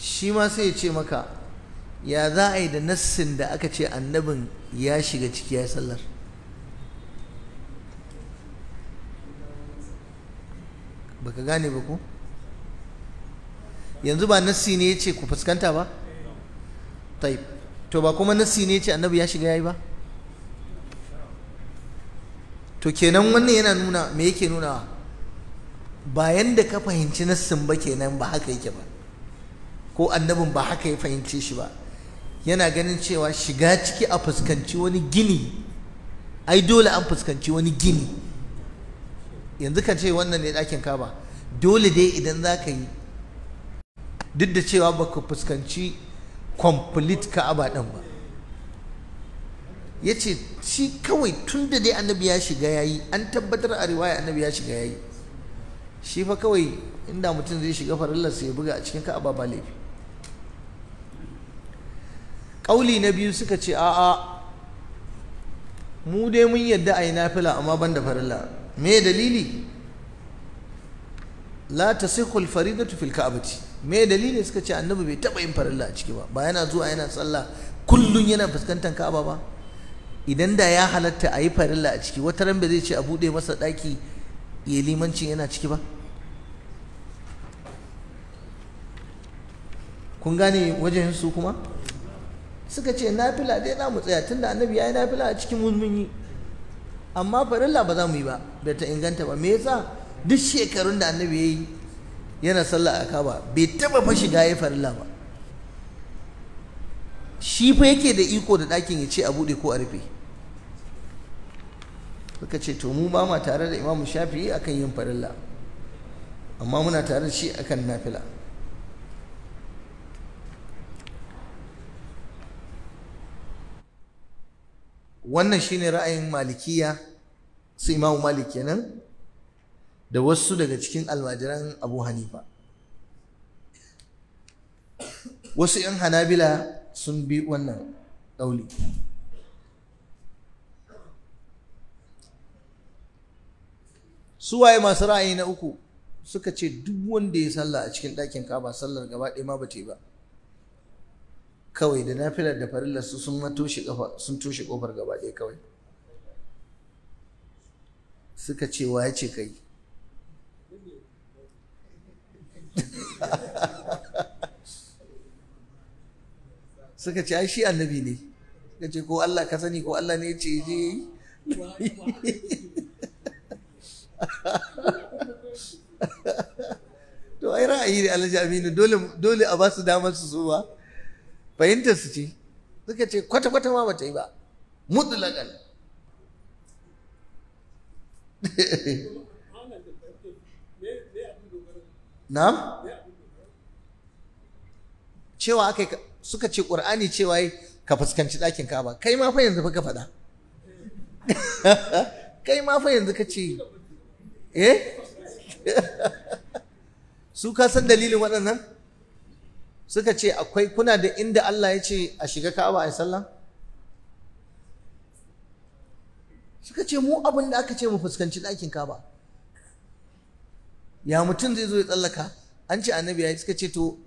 shi ma sai ya ce maka ya za a yi da nassin da aka ce annabin ya shiga ciki ya sallar baka gane ba ku. yanzu ba nassi ne ya ce ku fuskanta ba taib to ba kuma nassi ne ya ce annabi ya shiga ya yi ba to kenan wannan yana nuna me yake nunawa Ba yadda ka fahimci nassin ba kenan ba haka yake ba ko annabin ba haka ya fahimce shi ba yana ganin cewa shiga ciki a fuskanci wani gini ai dole an fuskanci wani gini yanzu ka ce wannan ne ɗakin kaba dole dai idan za ka yi duk da cewa ba ka fuskanci complete ka'aba ɗin ba ya ce shi kawai tun da dai annabi ya shiga ya yi an tabbatar a riwaya annabi ya shiga ya yi shi fa kawai inda mutum zai shiga farillarsa ya buga a cikin ka'aba ba laifi ƙauli na biyu suka ce a'a mu dai mun yadda a yi nafila amma ban da farilla me dalili la ta sihul faridatu fil ka'abati me dalili suka ce annabi bai taɓa yin farilla a ciki ba ba yana zuwa yana tsalla kullum yana fuskantar ka'aba ba idan da ya halatta a yi farilla a ciki wata ran ba zai ce a buɗe masa ɗaki ya limanci yana ciki ba kun gane wajen su kuma suka ce nafila dai za mu tsaya tunda annabi ya yi nafila a cikin mun amma farilla ba za mu yi ba bai ta inganta ba me yasa duk shekarun da annabi ya yi yana sallah a kaba bai taba fashi shiga ya farilla ba shi fa yake da iko da dakin ya ce a buɗe ko a rufe suka ce to mu ba ma tare da imamu shafi'i akan yin farilla amma muna tare da shi akan nafila wannan shi ne ra'ayin malikiya su imamu malik kenan da wasu daga cikin almajiran abu hanifa wasu 'yan hanabila sun bi wannan ɗauli suwaye masu ra'ayi na uku suka ce duk wanda ya sallah a cikin ɗakin kaba sallar gaba ɗaya ma ba ba kawai da nafilar da farillar su sun toshe kafa sun toshe kofar gaba ɗaya kawai suka ce wa ya ce kai suka ce ai shi annabi ne suka ce ko Allah ka sani ko Allah ne ya ce je to ai ra'ayi ne alhaji dole dole a ba su damar su zuwa fahimtar su ce suka ce kwata-kwata ma bata yi ba lagal na cewa aka suka ce ƙur'ani cewa ka fuskanci ɗakin ka ba. kai ma fa yanzu fa ka faɗa kai ma fa yanzu ka ce eh su ka san dalilin waɗannan suka ce akwai kuna da inda Allah ya ce a shiga Ka'aba a sallah suka ce mu abin da aka ce mu fuskanci ɗakin Ka'aba ya mutum zai zo ya tsallaka an ce annabi ya yi suka ce to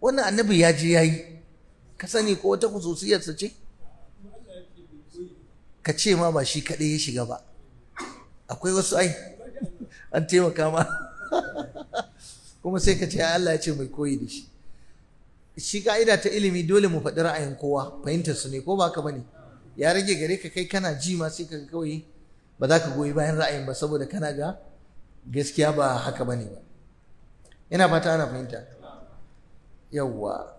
wannan annabi ya je ya yi ka sani ko wata khususiyarsa ce ka ce ma ba shi kaɗai ya shiga ba akwai wasu ai an taimaka ma kuma sai ka ce Allah ya ce mai koyi da shi shi ka'ida ta ilimi dole mu faɗi ra'ayin kowa fahimtar su ne ko ba ka bane ya rage gare ka kai kana ji ma sai ka kawai ba za ka goyi bayan ra'ayin ba saboda kana ga gaskiya ba haka bane ba ina fata ana fahimta yawwa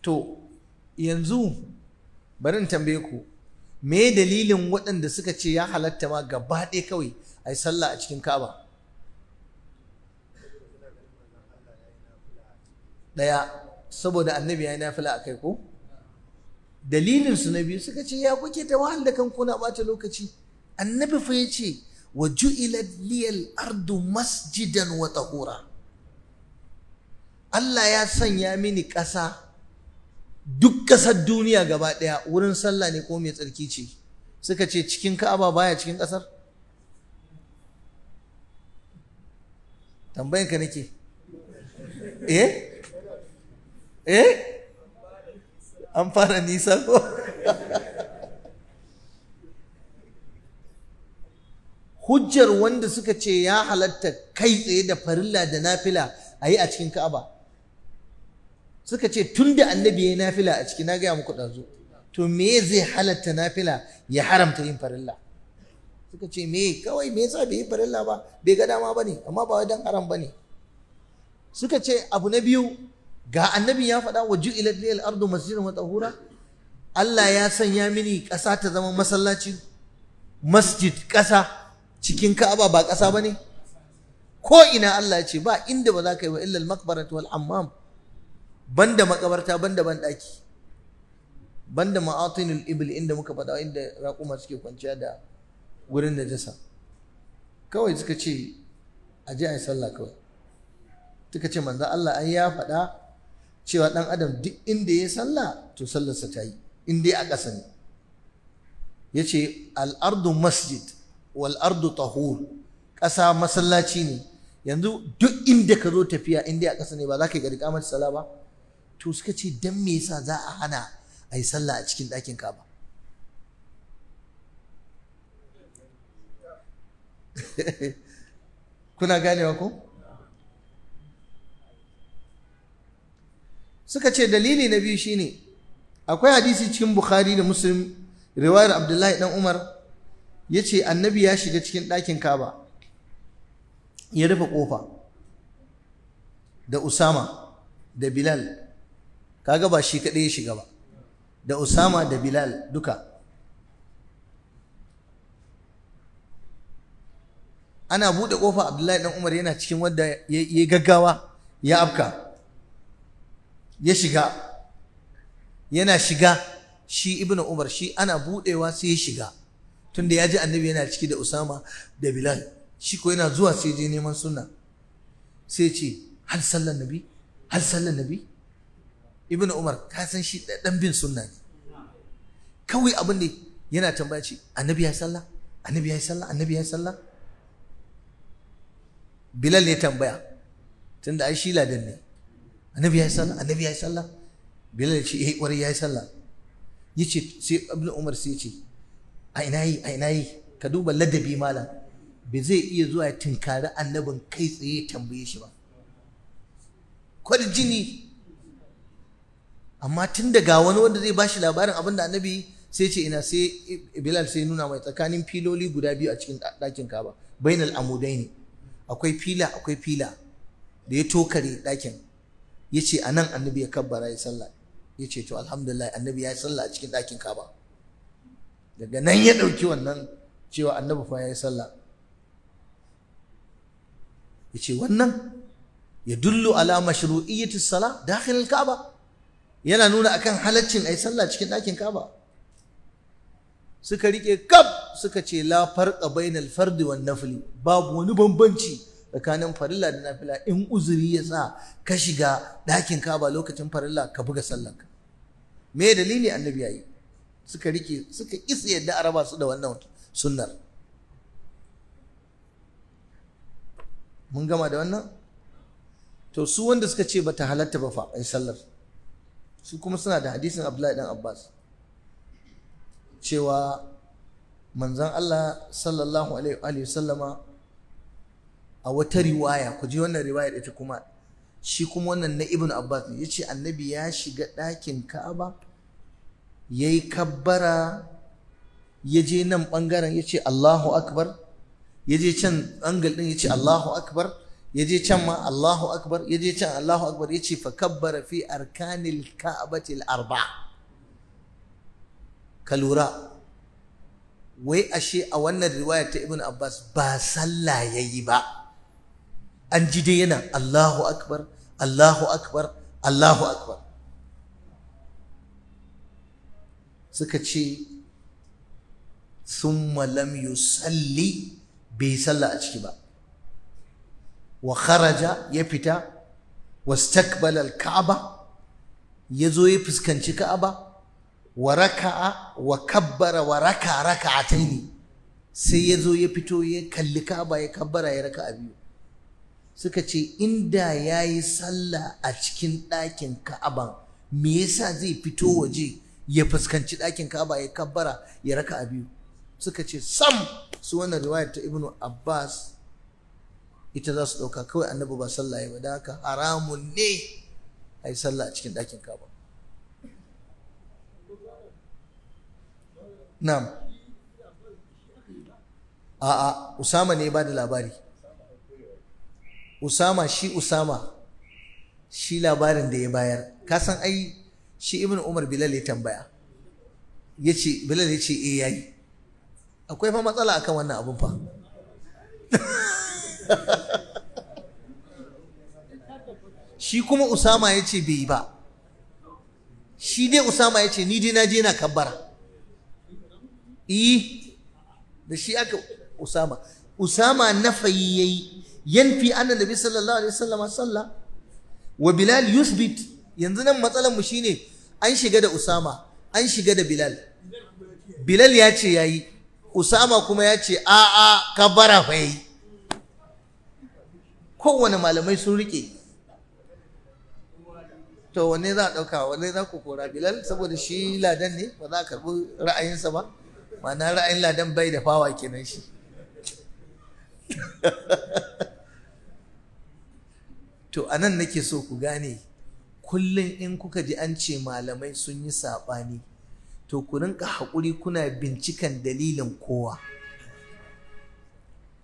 to yanzu barin tambaye ku me dalilin waɗanda suka ce ya halatta ma gaba ɗaya kawai a yi sallah a cikin ka'aba ɗaya saboda annabi ya yi nafila a kai ko dalilin su na biyu suka ce ya kuke ta wahal da kan na bata lokaci annabi fa ya ce wa juila liyal ardu masjidan wa tahura Allah ya sanya mini ƙasa duk ƙasar duniya gaba ɗaya wurin sallah ne ko mai tsarki ce suka ce cikin ka'aba baya cikin ƙasar tambayinka nake eh eh an nisa ko hujjar wanda suka ce ya halatta kai tsaye da farilla da nafila a yi a cikin ka'aba suka ce tun da annabi ya nafila a ciki na gaya muku ɗazu to me zai halatta nafila ya haramta yin farilla suka ce me kawai me yasa bai yi farilla ba bai ga dama ba ne amma ba wai dan haram ba ne suka ce abu na biyu ga annabi ya faɗa wa ju'ilat lil ardu masjidan wa tahura Allah ya sanya mini ƙasa ta zama masallaci masjid ƙasa cikin Ka'aba ba ƙasa bane ko ina Allah ya ce ba inda ba za ka yi wa illa al-maqbaratu wal hammam banda makabarta banda banɗaki banda ma'atinul ibil inda muka faɗa inda raƙuma suke kwanciya da wurin najasa kawai suka ce a ji a yi sallah kawai suka ce manzo Allah an ya faɗa cewa ɗan adam duk inda ya sallah to sallarsa ta yi in dai a ƙasa ne ya ce al'ardu masjid wal'ardu tahur ƙasa masallaci ne yanzu duk inda ka zo tafiya inda dai a ƙasa ne ba za ka yi ga riƙamar sallah ba to suka ce dan me yasa za a hana a yi sallah a cikin ɗakin kaba kuna ganewa ko suka ce dalili na biyu shine akwai hadisi cikin bukhari da muslim riwayar abdullahi dan umar ya ce annabi ya shiga cikin ɗakin kaba ya rufe ƙofa da usama da bilal kaga ba shi kaɗai ya shiga ba da usama da bilal duka ana buɗe ƙofa abdullahi dan umar yana cikin wadda ya gaggawa ya afka ya shiga yana shiga shi ibnu umar shi ana budewa sai ya shiga tunda ya ji annabi yana ciki da usama da bilal shi ko yana zuwa sai je neman sunna sai ce hal sallan nabi hal sallan nabi ibnu umar ka san shi dan bin sunna ne kawai abin da yana tambaya ce annabi ya salla annabi ya sallah annabi ya salla bilal ya tambaya tunda ai shi ladan ne annabi ya yi sallah annabi ya yi sallah bilal ya ce eh kwarai ya yi sallah ya ce sai abin umar sai ce a ina yi a ina yi ka duba ladabi malam bai zai iya zuwa ya tunkari annabin kai tsaye tambaye shi ba jini amma tun daga wani wanda zai bashi labarin abin da annabi sai ce ina sai bilal sai nuna mai tsakanin filoli guda biyu a cikin ɗakin kaba bainal amudai ne akwai fila akwai fila da ya tokare ɗakin ya ce a nan annabi ya kabbara ya sallah ya ce to alhamdulillah annabi ya yi sallah a cikin ɗakin kaba daga nan ya ɗauki wannan cewa annabi fa ya yi sallah ya ce wannan ya dullu ala mashru'iyyatis sala dakhil kaba yana nuna akan halaccin ai sallah cikin ɗakin kaba suka rike kab suka ce la farqa bainal fardi wan nafli babu wani bambanci tsakanin farilla da nafila in uzuri ya sa ka shiga ɗakin ka ba lokacin farilla ka buga sallanka me dalili annabi yayi suka rike suka isa yadda araba su da wannan sunnar mun gama da wannan to su wanda suka ce bata halatta ba fa ai sallar su kuma suna da hadisin Abdullahi dan Abbas cewa manzon Allah sallallahu alaihi wa sallama a wata riwaya ku ji wannan riwayar ita kuma shi kuma wannan na ibn abbas ya ce annabi ya shiga ɗakin ka'aba ya yi kabbara ya je nan ɓangaren ya ce allahu akbar ya je can angal ɗin ya ce allahu akbar ya je can ma allahu akbar ya je can allahu akbar ya ce fa kabbara fi arkanil ka'abatil arba ka lura wai ashe a wannan riwaya ta ibn abbas ba sallah ya yi ba an ji dai yana Allahu akbar Allahu akbar Allahu akbar suka ce thumma lam yusalli bai sallah a ciki ba wa kharaja ya fita wastakbala al-ka'aba ya zo ya fuskanci ka'aba wa raka'a wa kabbara wa raka raka'ataini sai ya zo ya fito ya kalli ka'aba ya kabbara ya raka'a biyu suka ce inda ya yi sallah a cikin ɗakin ka'aban me yasa zai fito waje ya fuskanci ɗakin ka'aba ya kabbara ya raka a biyu suka ce sam su wannan riwayar ta ibnu abbas ita za su ɗauka kawai annabi ba sallah ya da haka haramun ne a yi sallah a cikin ɗakin ka'aba a'a usama ne ba da labari usama shi usama shi labarin da ya bayar kasan ai shi ibn umar bilal ya tambaya ya ce bilal ya ce eh yi akwai fa matsala akan wannan abin fa shi kuma usama ya ce bai ba shi dai usama ya ce ni dai na je na kabbara i eh, da shi aka usama usama fayi ya yi yanfi anna nabi sallallahu alaihi wasallam salla wa bilal yuthbit yanzu nan matsalar mu shine an shiga da usama an shiga da bilal bilal ya ce yayi usama kuma ya ce a a kabara fa yayi kowane malamai sun rike to wanne za a ɗauka wanne za ku kora bilal saboda shi ladan ne ba karbi ra'ayinsa ba mana ra'ayin ladan bai da fawa kenan shi to a nan nake so ku gane kullum in kuka ji an ce malamai sun yi saɓani to ku rinka haƙuri kuna bincikan dalilin kowa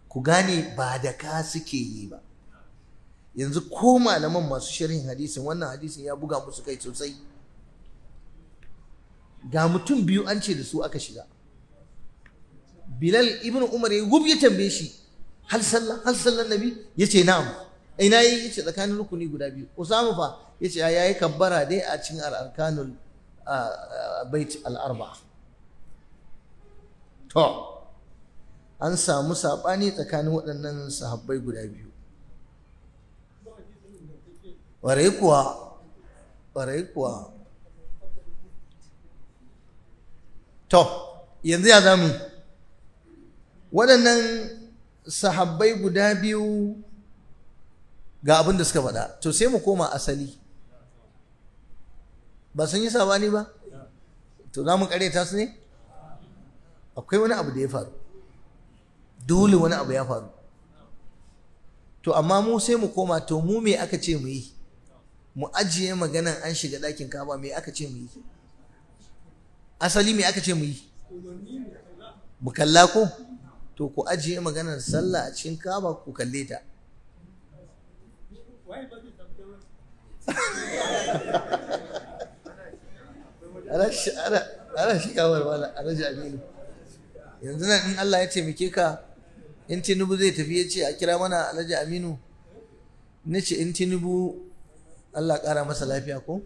ku gane ba da ka suke yi ba yanzu ko malaman masu sharhin hadisin wannan hadisin ya buga musu kai sosai ga mutum biyu an ce da su aka shiga bilal ibn umar ya gub ya tambaye shi hal sallah hal nabi ya ce na'am ina yi yace tsakanin rukuni guda biyu usama fa yace ya yi kabbara dai a cikin al bait al'arba to an samu sabani tsakanin waɗannan sahabbai guda biyu warai kuwa warai kuwa to yanzu ya zamu waɗannan sahabbai guda biyu ga abin da suka faɗa to sai mu koma asali ba sun yi sabani ba to za mu karyata su ne akwai wani abu da ya faru dole wani abu ya faru to amma mu sai mu koma to mu me aka ce mu yi mu ajiye maganan an shiga ɗakin kaba me aka ce mu yi asali me aka ce mu yi mu kalla ko to ku ajiye maganar sallah a cikin kaba ku kalle ta ana shigawar wala alhaji aminu yanzu nan in Allah ya taimake ka in tinubu zai tafi ya ce a kira mana alhaji aminu na ce in tinubu Allah ƙara masa lafiya ko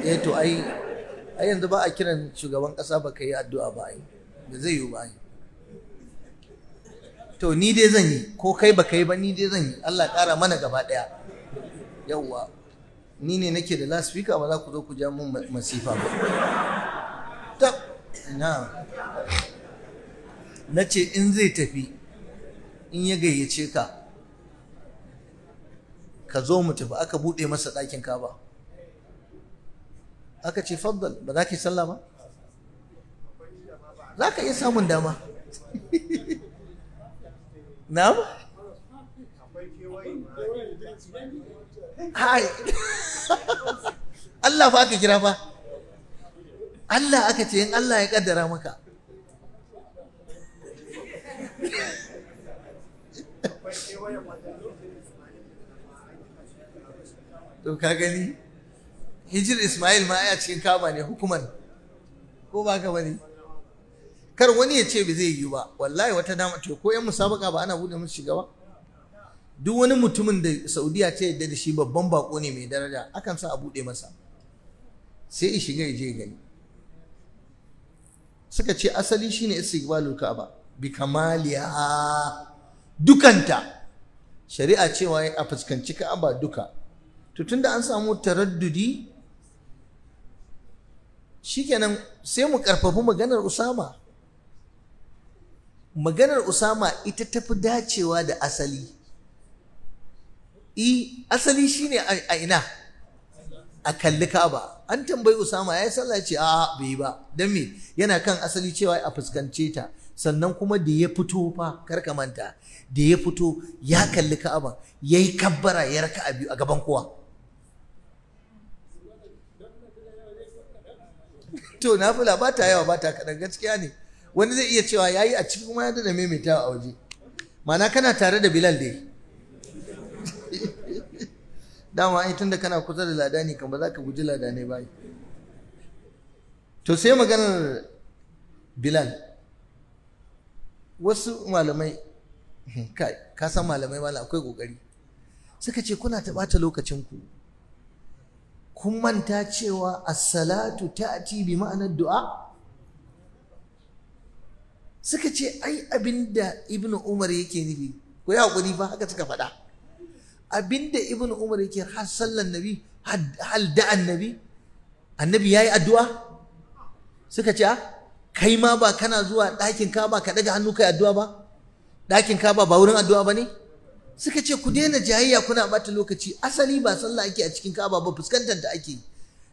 eh to ai yanzu ba a kiran shugaban ƙasa ba ka yi addu'a ba ai da zai yiwu ba ai to ni dai zan yi ko kai ba kai ba ni dai zan yi Allah ƙara mana gaba ɗaya yawwa ni ne nake da lasfika ba za ku zo ku ja mun masifa ba Ta na nace in zai tafi in ya gayyace ka ka zo mu tafi aka buɗe masa ɗakin kaba aka ce faddal ba za ki sallah ba za ka iya samun dama Na'am? Allah fa aka kira fa. Allah aka ce in Allah ya kaddara maka. To ka gani? Hijir Ismail ma ya cikin kama ne hukuman. Ko ba ka bane? kar wani ya ce ba zai yi ba wallahi wata dama to ko yan musabaka ba ana bude musu shiga ba duk wani mutumin da saudiya ce yadda da shi babban bako ne mai daraja akan sa a bude masa sai ya shiga ya je gani suka ce asali shine istiqbalul ka'aba bi kamaliha dukanta shari'a cewa a fuskanci ka'aba duka to tunda an samu taraddudi shikenan sai mu karfafi maganar usama maganar usama ita tafi dacewa da asali i e, asali shine a ina a kalli kaba an tambayi usama ya yi sallah ce a bai ba don me yana kan asali cewa a fuskance ta sannan kuma da ya fito fa karka manta da ya fito ya kalli ka'aba ya yi kabbara ya raka a biyu a gaban kowa to na fula ba ta yawa ba ta kaɗan gaskiya ne wani zai iya cewa yayi a cikin kuma ya da maimaita a waje mana kana tare da Bilal dai dama ai tunda kana kusa da ladani kan ba za ka guji ladane ba to sai maganar Bilal wasu malamai kai ka san malamai mala akwai kokari suka ce kuna ta ɓata lokacinku kun manta cewa as-salatu ta'ti bi ma'anar du'a suka ce ai abinda ibnu umar yake nufi ko ya hakuri fa haka suka faɗa abinda ibnu umar yake har sallan nabi hal da annabi annabi yayi addu'a suka ce ah, kai ma ba kana zuwa ɗakin kaba ka daga hannu kai addu'a ba ɗakin kaba ba wurin addu'a ba ne suka ce ku daina jayayya kuna bata lokaci asali ba sallah ake a cikin kaba ba fuskantar da ake yi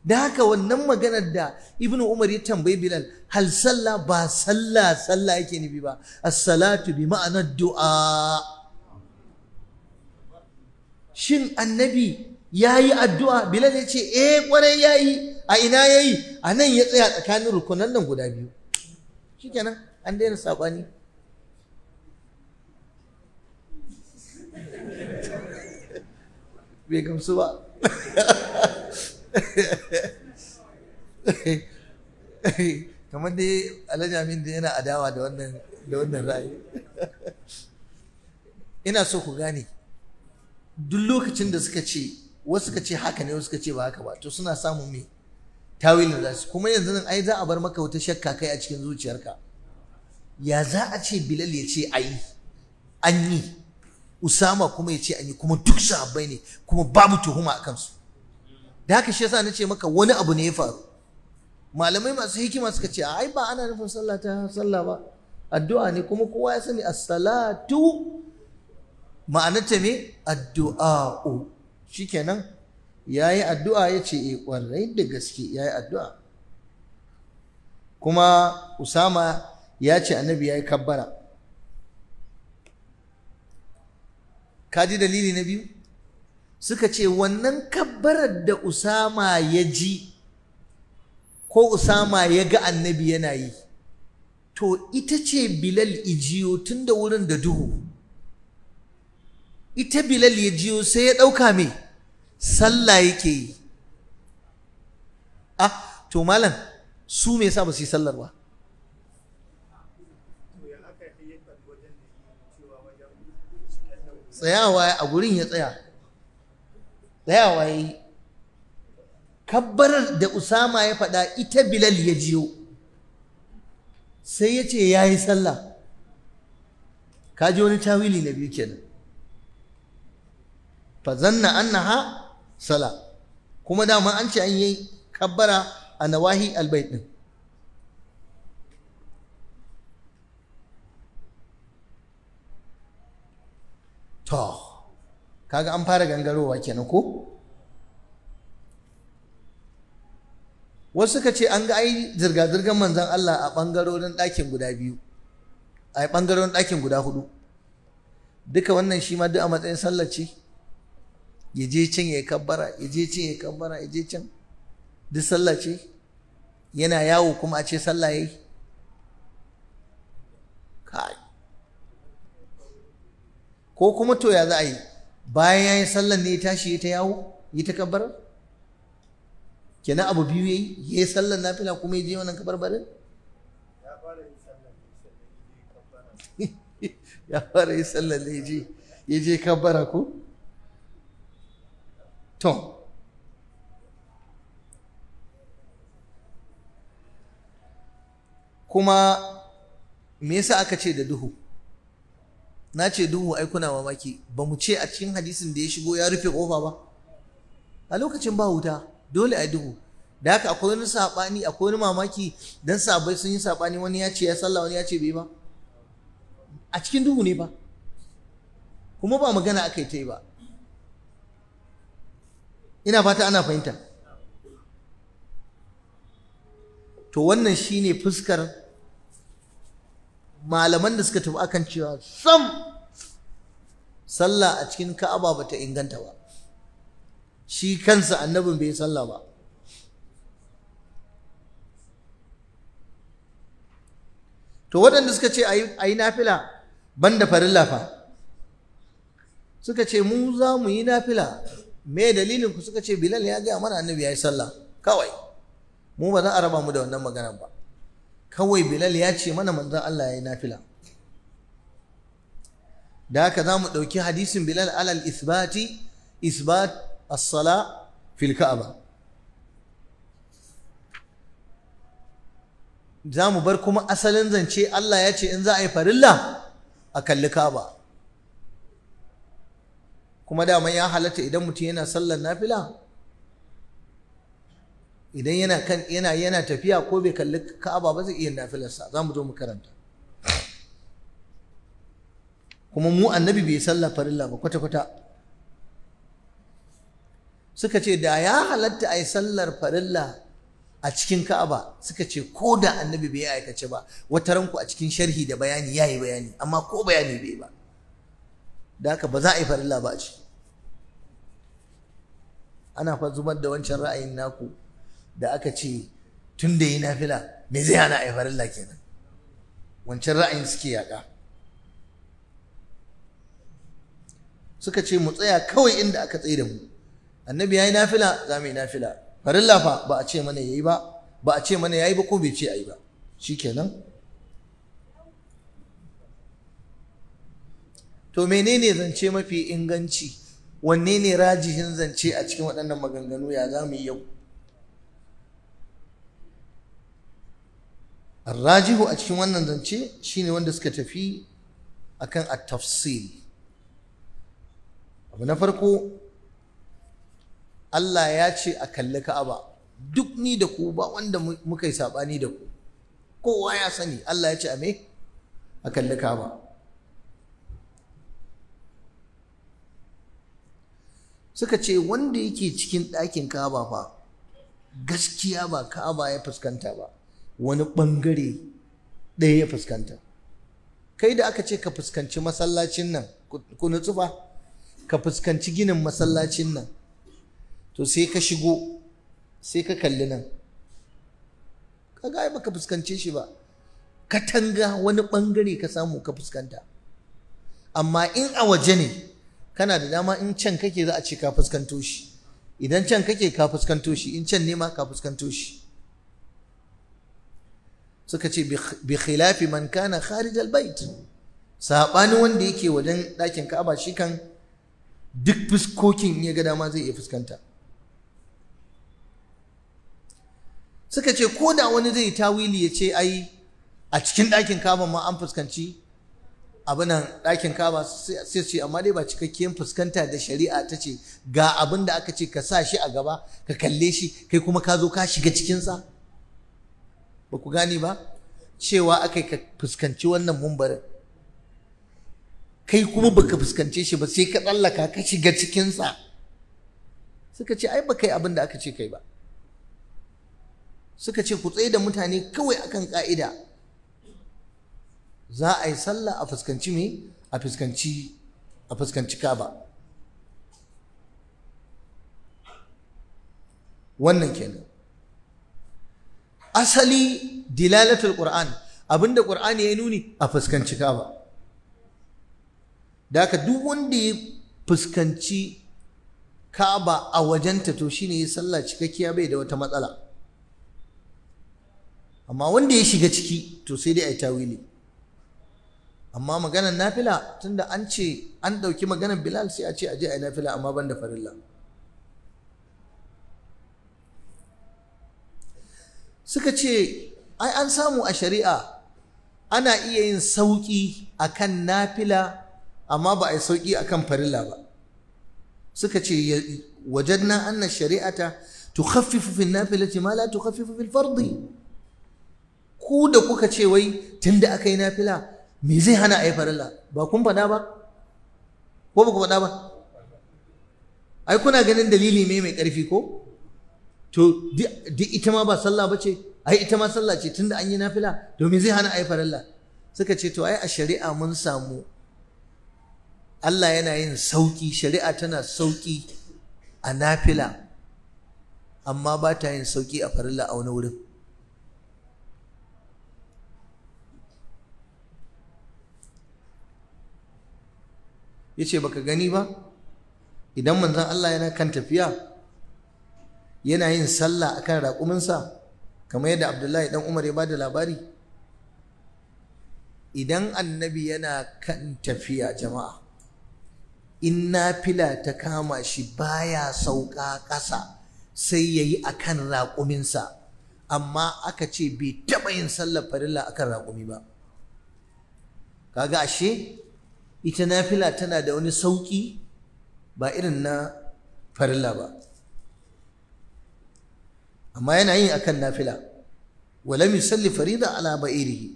da haka wannan maganar da ibnu umar ya tambayi bilal hal sallah ba sallah sallah yake nufi ba as-salatu bi ma'ana du'a shin annabi ya yi addu'a bilal ya ce eh kwarai ya yi a ina ya yi a nan ya tsaya tsakanin rukunan nan guda biyu shikenan an daina saɓani bai gamsu ba kamar dai alhaji da yana adawa da wannan da wannan ra'ayi ina so ku gane duk lokacin da suka ce wasu suka ce haka ne wasu suka ce ba haka ba to suna samun me tawilin za su kuma yanzu nan ai za a bar maka wata shakka kai a cikin zuciyarka ya za a ce bilal ya ce ayi an yi usama kuma ya ce an yi kuma duk sahabbai ne kuma babu tuhuma a kansu da haka shi yasa na ce maka wani abu ne ya faru malamai masu hikima suka ce ai ba ana nufin sallah ta sallah ba addu'a ne kuma kowa ya sani as-salatu ta me addu'a'u shikenan yayi addu'a yace eh kwarai da gaske yayi addu'a kuma Usama ya ce annabi yayi kabbara ji dalili na biyu suka ce wannan kabbarar da usama ya ji ko usama ya ga annabi yana yi to ita ce bilal ijiyo tun da wurin da duhu ita bilal ya jiyo sai ya ɗauka me sallah yake yi ah to malam su me yasa ba su yi sallar ba tsayawa a wurin ya tsaya tsayawa ya yi kabbarar da usama ya faɗa ita bilal ya jiyo sai ya ce ya yi sallah ka ji wani tawili na biyu kenan fa zanna annaha sala kuma dama an ce an yi kabbara a nawahi albaiɗin. din to kaga an fara gangarowa kenan ko wasu suka ce an ga ai zirga-zirgar manzan Allah a ɓangarorin ɗakin guda biyu a ɓangarorin ɗakin guda hudu duka wannan shi ma duk a matsayin sallar ce ya je can ya kabbara ya je can ya kabbara ya je can duk sallah ce yana yawo kuma a ce sallah yayi kai ko kuma to ya za a yi bayan ya yi sallan ne ya tashi ya ta yawo ya ta kabar kenan abu biyu ya yi ya yi sallan nafila kuma ya je wannan kabar barin ya fara yi sallan ne ya je kabar ko to kuma me yasa aka ce da duhu na ce duhu ai kuna mamaki ba mu ce a cikin hadisin da ya shigo ya rufe kofa ba a lokacin ba wuta dole a duhu da haka akwai wani sabani akwai wani mamaki dan sabai sun yi sabani wani ya ce ya sallah wani ya ce bai ba a cikin duhu ne ba kuma ba magana aka yi ta yi ba ina fata ana fahimta to wannan shine fuskar malaman da suka tafi akan cewa sam sallah a cikin ka'aba bata inganta ba shi kansa annabin bai sallah ba to waɗanda suka ce a yi nafila ban da farin lafa suka ce mu za mu yi nafila me dalilin ku suka ce bilal ya gaya mana annabi ya yi sallah kawai mu ba za a raba mu da wannan maganar ba kawai bilal ya ce mana manzon Allah ya yi nafila da haka za mu ɗauki hadisin bilal alal isbati isbat as-sala fil ka'aba za mu bar kuma asalin zance Allah ya ce in za a yi farilla a kalli ka'aba kuma daman ya halatta idan mutum yana sallar nafila idan yana kan yana yana tafiya ko bai kalli Ka'aba ba zai iya nafilarsa za mu zo mu karanta kuma mu annabi bai sallah farilla ba kwata kwata suka ce da ya halatta ai sallar farilla a cikin Ka'aba suka ce ko da annabi bai aikace ba wata ranku a cikin sharhi da bayani yayi bayani amma ko bayani bai ba da haka ba za a yi farilla ba a ce ana fa zubar da wancan ra'ayin naku da aka ce tun da yi nafila me zai hana a farilla kenan wancan ra'ayin suke yaƙa suka ce mu tsaya kawai inda aka tsaye da mu annabi ya yi nafila za mu yi nafila farilla fa ba a ce mana ya yi ba ba a ce mana ya yi ba ko bai ce a yi ba shi kenan to menene zance mafi inganci wanne ne rajihin zance a cikin waɗannan maganganu ya za mu yi yau rajihu a cikin wannan zance shine wanda suka tafi akan at abu na farko Allah ya ce a kalli Ka'aba duk ni da ku ba wanda muka yi sabani da ku kowa ya sani Allah ya ce a me a kalli Ka'aba suka ce wanda yake cikin ɗakin Ka'aba fa gaskiya ba Ka'aba ya fuskanta ba wani bangare ɗaya ya fuskanta kai da aka ce ka fuskanci masallacin nan ku nutsu ba ka fuskanci ginin masallacin nan to sai ka shigo sai ka kalli nan kaga ai baka fuskance shi ba ka tanga wani ɓangare ka samu ka fuskanta amma in a waje ne kana da dama in can kake za a ce ka fuskanto shi idan can kake ka fuskanto shi in can ne ma ka fuskanto shi suka ce bi khilafi man kana kharij albayt sabani wanda yake wajen ɗakin Ka'aba shi kan duk fuskokin ya ga dama zai iya fuskanta suka ce ko da wani zai tawili ya ce ai a cikin ɗakin Ka'aba ma an fuskanci abinan ɗakin Ka'aba sai ce amma dai ba cikakkiyar fuskanta da shari'a ta ce ga abin da aka ce ka sa shi a gaba ka kalle shi kai kuma ka zo ka shiga cikinsa ba ku gane ba cewa aka ka fuskanci wannan mumbarin kai kuma baka fuskance shi ba sai ka tsallaka ka shiga cikinsa suka ce ai ba kai abin da aka ce kai ba suka ce ku tsaye da mutane kawai akan ka'ida za a yi sallah a fuskanci me a fuskanci a fuskanci kaba wannan kenan asali dilalatul qur'an abinda qur'ani ya nuni a fuskanci kaba da haka duk wanda ya fuskanci kaba a wajenta to shine ya sallah cikakkiya bai da wata matsala amma wanda ya shiga ciki to sai dai a tawili amma maganar nafila tunda an ce an ɗauki maganar bilal sai a ce a je a yi nafila amma ban da farilla suka ce ai an samu a shari'a ana iya yin sauƙi akan nafila amma ba a yi sauƙi akan farilla ba suka ce wajen na anna shari'ata tukhaffifu fil nafilati ma la tukhaffifu fil fardi ku da kuka ce wai tunda aka yi nafila me zai hana a yi farilla ba kun faɗa ba ko ba ku faɗa ba ai kuna ganin dalili me mai ƙarfi ko to duk ita ma ba sallah ba ce ai ita ma sallah ce tunda an yi nafila domin zai hana ai farilla suka ce to ai a shari'a mun samu Allah yana yin sauki shari'a tana sauki a nafila amma ba ta yin sauki a farilla a wani wurin yace baka gani ba idan manzon Allah yana kan tafiya yana yin sallah akan raƙuminsa kamar yadda abdullahi dan umar ya ba da labari idan annabi yana kan tafiya jama'a in na fila ta kama shi baya sauka ƙasa sai ya yi a kan raƙuminsa amma aka ce bai taɓa yin sallar farilla a kan raƙumi ba kaga ashe ita na fila tana da wani sauƙi ba irin na farilla ba amma yana yin akan nafila walam yusalli farida ala ba'irihi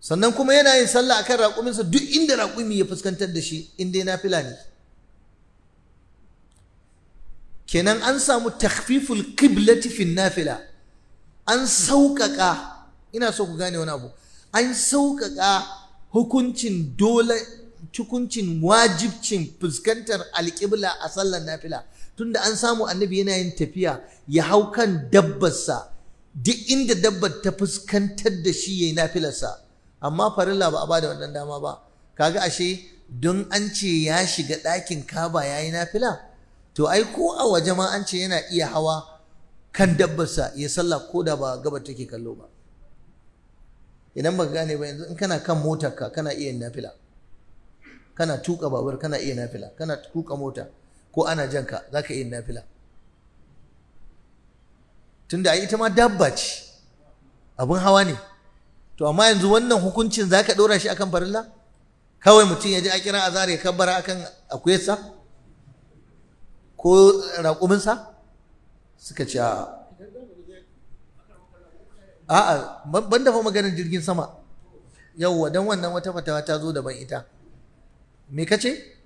sannan kuma yana yin sallah akan raƙuminsa duk inda raƙumi ya fuskantar da shi in dai nafila ne kenan an samu takfiful qiblati fi nafila an sauƙaƙa ina so ku gane wani abu an sauƙaƙa hukuncin dole hukuncin wajibcin fuskantar alƙibla a sallar nafila tunda an samu annabi yana yin tafiya ya hau kan dabbarsa duk inda dabbar ta fuskantar da shi yayi nafilarsa amma farilla ba a bada wannan dama ba kaga ashe don an ce ya shiga ɗakin kaba yi nafila to ai ko a waje ma an ce yana iya hawa kan dabbarsa ya sallah ko da ba gaba take kallo ba idan ba gane ba yanzu in kana kan motarka kana iya nafila kana tuka babur kana iya nafila kana tuka mota ko ana jan ka za ka iya nafila tunda da ita ma dabba ce abin hawa ne to amma yanzu wannan hukuncin za ka ɗora shi akan farilla kawai mutum ya ji a kira azhar ya kabbara akan akwesa ko raƙuminsa suka ce a a'a ban dafa maganin jirgin sama yauwa don wannan wata fatawa ta zo daban ita me kace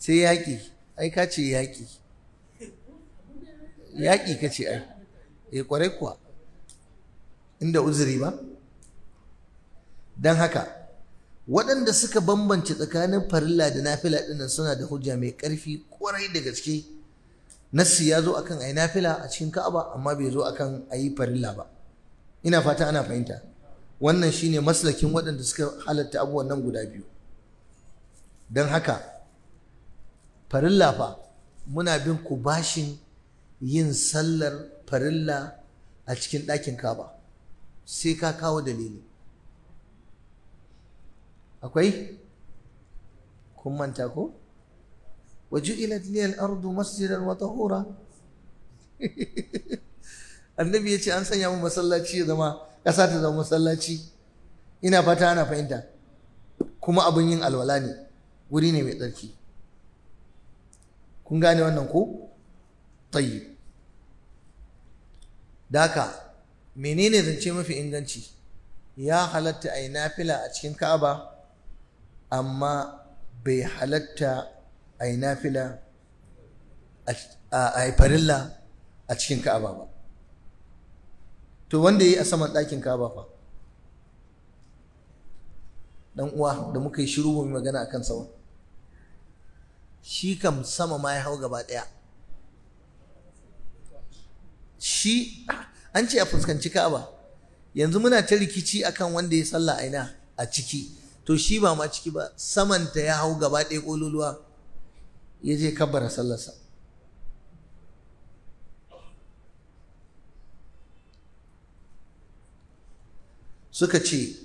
sai yaƙi ai ka ce yaƙi yaƙi ka ce ai ya eh, ƙwarai kuwa inda uzuri ba don haka waɗanda suka bambance tsakanin farilla da nafila ɗinnan suna da hujja mai ƙarfi kwarai da gaske nassi ya zo akan ayi nafila a cikin ka'aba amma bai zo akan ayi farilla ba ina fata ana fahimta wannan shine maslakin waɗanda suka halatta abubuwan nan guda biyu don haka farilla fa muna bin ku bashin yin sallar farilla a cikin ɗakin kaba sai ka kawo dalili akwai kun manta ko وجعلت ardu الأرض wata وطهورا annabi ya ce an sanya mu masallaci ya zama ƙasa ta zama masallaci ina fata ana fahimta kuma abin yin alwala ne wuri ne mai tsarki kun gane wannan ko tayyib daka menene zance mafi inganci ya halatta a yi nafila a cikin ka'aba amma bai halatta a yi nafila a haifarilla a cikin ka'aba ba to wanda yi a saman ɗakin ka'aba fa dan uwa da muka yi shiru mai magana kan sawa shi kam sama ma ya hau gaba ɗaya shi an ce a fuskanci ka'aba yanzu muna ta rikici akan wanda ya sallah aina a ciki to shi ba ma ciki ba samanta ya hau gaba ɗaya ƙololuwa ya je kabbara sallarsa suka ce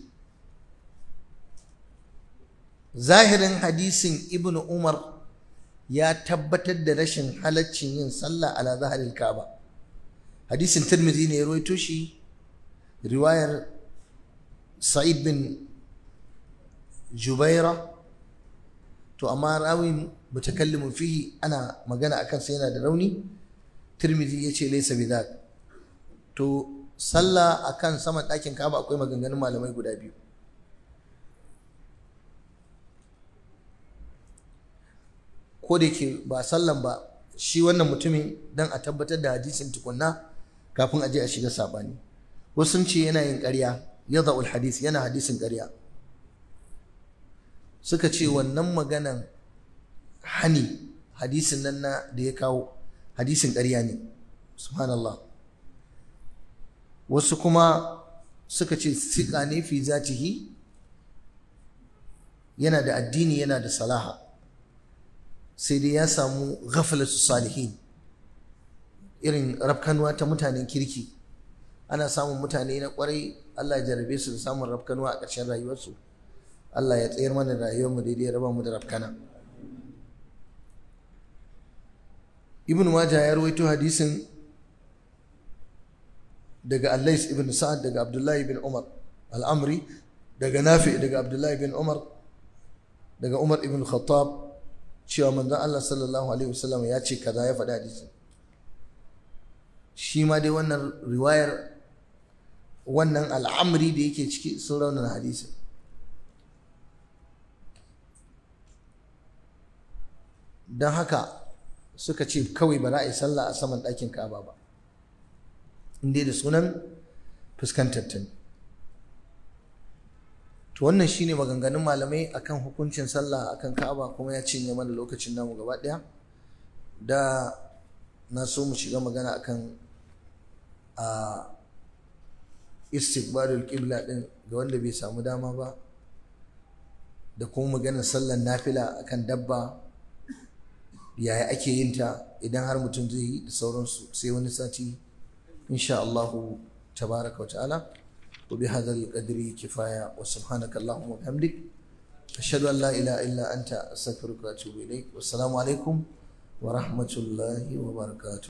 zahirin hadisin ibnu umar ya tabbatar da rashin halaccin yin sallah ala zaharil ka'aba hadisin tirmidhi ne ya rawaito shi riwayar sa'id bin jubaira to amma rawin mutakallimin fihi ana magana a kansa yana da rauni tirmidhi ya ce laisa bi to sallah akan saman ɗakin kaba akwai maganganun malamai guda biyu ko da yake ba sallan ba shi wannan mutumin dan a tabbatar da hadisin tukunna kafin a je a shiga sabani wasu sun ce yana yin ƙarya za'ul hadis yana hadisin ƙarya suka ce wannan maganan hani hadisin nan na da ya kawo hadisin ƙarya ne subhanallah wasu kuma suka ce siƙa ne fi zatihi yana da addini yana da salaha sai dai ya samu ghaflatu salihin irin rafkanuwa ta mutanen kirki ana samun mutane na kwarai Allah ya jarabe su da samun rafkanuwa a ƙarshen rayuwarsu Allah ya tsayar mana rayuwar mu daidai ya raba mu da rafkana Ibn Majah ya rawaito hadisin daga Allais ibn Sa'ad daga Abdullahi ibn Umar al-Amri daga Nafi daga Abdullahi ibn Umar daga Umar ibn Khattab cewa manzon Allah sallallahu alaihi wasallam ya ce kaza ya faɗi hadisi shi ma dai wannan riwayar wannan al'amri da yake ciki sun raunin hadisi don haka suka ce kawai ba za a yi sallah a saman ɗakin ka'aba ba inda da sunan fuskantar tuni to wannan shine maganganun malamai akan hukuncin sallah akan Ka'aba kuma ya cinye mana lokacin namu gaba daya da na so mu shiga magana akan a istiqbalul qibla din ga wanda bai samu dama ba da kuma maganar sallar nafila akan dabba yaya ake yin ta idan har mutum zai yi da sauransu sai wani sati insha Allahu tabaraka wa ta'ala وبهذا القدر كفاية وسبحانك اللهم وبحمدك أشهد أن لا إله إلا أنت أستغفرك وأتوب إليك والسلام عليكم ورحمة الله وبركاته